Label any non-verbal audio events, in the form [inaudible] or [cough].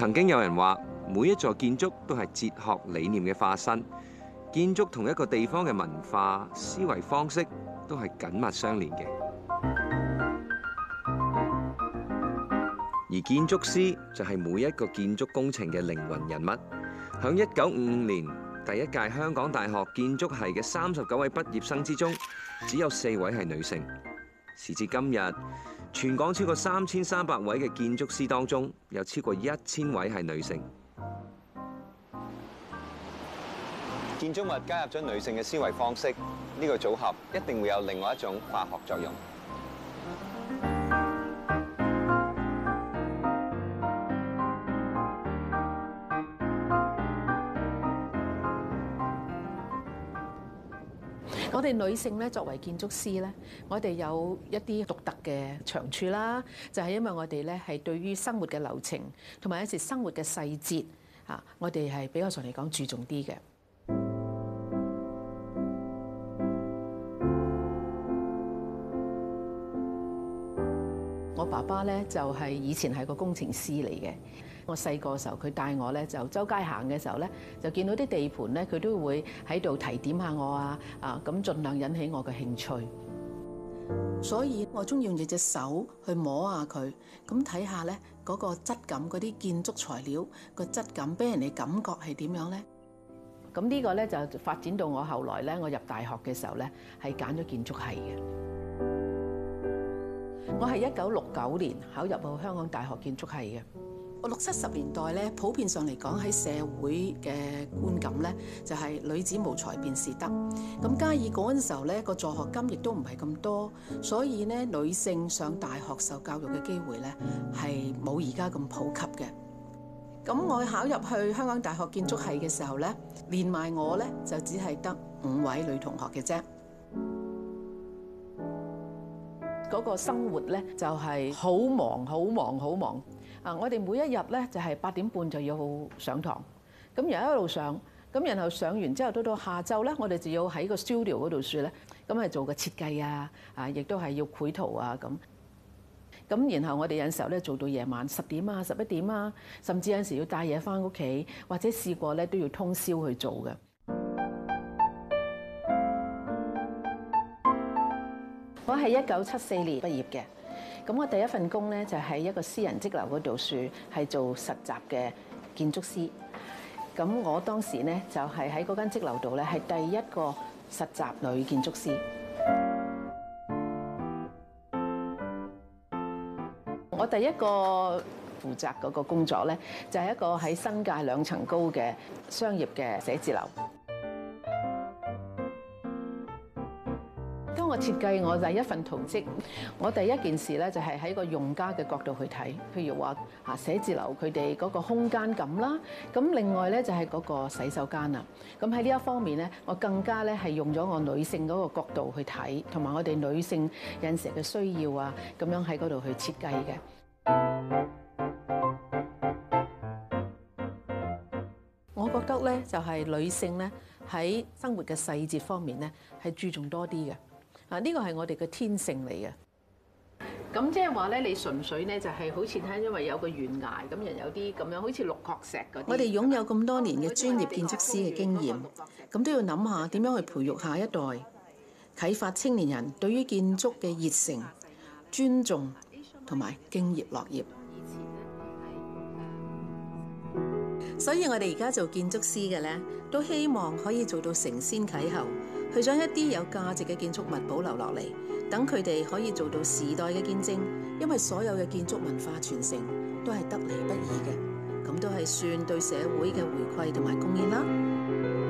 曾經有人話，每一座建築都係哲學理念嘅化身，建築同一個地方嘅文化、思維方式都係緊密相連嘅。而建築師就係每一個建築工程嘅靈魂人物。響一九五五年，第一屆香港大學建築系嘅三十九位畢業生之中，只有四位係女性。時至今日，全港超過三千三百位嘅建築師當中，有超過一千位係女性。建築物加入咗女性嘅思維方式，呢個組合一定會有另外一種化學作用。我哋女性咧，作為建築師咧，我哋有一啲獨特嘅長處啦，就係因為我哋咧係對於生活嘅流程，同埋一啲生活嘅細節，啊我哋係比較上嚟講注重啲嘅。我爸爸咧就係以前係個工程師嚟嘅。我細個嘅時候，佢帶我咧就周街行嘅時候咧，就見到啲地盤咧，佢都會喺度提點下我啊，啊咁盡量引起我嘅興趣。所以我中意用住隻手去摸下佢，咁睇下咧嗰個質感，嗰啲建築材料個質感，俾人哋感覺係點樣咧？咁呢個咧就發展到我後來咧，我入大學嘅時候咧係揀咗建築系嘅。我係一九六九年考入到香港大學建築系嘅。我六七十年代咧，普遍上嚟講喺社會嘅觀感咧，就係女子無才便是德。咁加以嗰陣時候咧，個助學金亦都唔係咁多，所以咧女性上大學受教育嘅機會咧係冇而家咁普及嘅。咁我考入去香港大學建築系嘅時候咧，連埋我咧就只係得五位女同學嘅啫。嗰個生活咧就係好忙好忙好忙啊！我哋每一日咧就係八點半就要好上堂，咁然後一路上，咁然後上完之後到到下晝咧，我哋就要喺個 studio 嗰度算咧，咁係做個設計啊，啊亦都係要繪圖啊咁，咁然後我哋有陣時候咧做到夜晚十點啊、十一點啊，甚至有陣時候要帶嘢翻屋企，或者試過咧都要通宵去做嘅。我係一九七四年畢業嘅，咁我第一份工咧就喺、是、一個私人則樓嗰度住，係做實習嘅建築師。咁我當時咧就係喺嗰間則樓度咧係第一個實習女建築師。 [music] 我第一個負責嗰個工作咧就係、是、一個喺新界兩層高嘅商業嘅寫字樓。設計我第一份圖則，我第一件事咧就係喺個用家嘅角度去睇，譬如話啊寫字樓佢哋嗰個空間感啦，咁另外咧就係嗰個洗手間啊，咁喺呢一方面咧，我更加咧係用咗我女性嗰個角度去睇，同埋我哋女性有陣時嘅需要啊，咁樣喺嗰度去設計嘅。我覺得咧就係女性咧喺生活嘅細節方面咧係注重多啲嘅。啊！呢個係我哋嘅天性嚟嘅。咁即係話咧，你純粹咧就係好似喺因為有個懸崖，咁人有啲咁樣，好似六角石。我哋擁有咁多年嘅專業建築師嘅經驗，咁都要諗下點樣去培育下一代，啟發青年人對於建築嘅熱誠、尊重同埋敬業樂業。所以，我哋而家做建築師嘅咧，都希望可以做到承先啟後。去將一啲有價值嘅建築物保留落嚟，等佢哋可以做到時代嘅見證，因為所有嘅建築文化傳承都係得嚟不易嘅，咁都係算對社會嘅回饋同埋貢獻啦。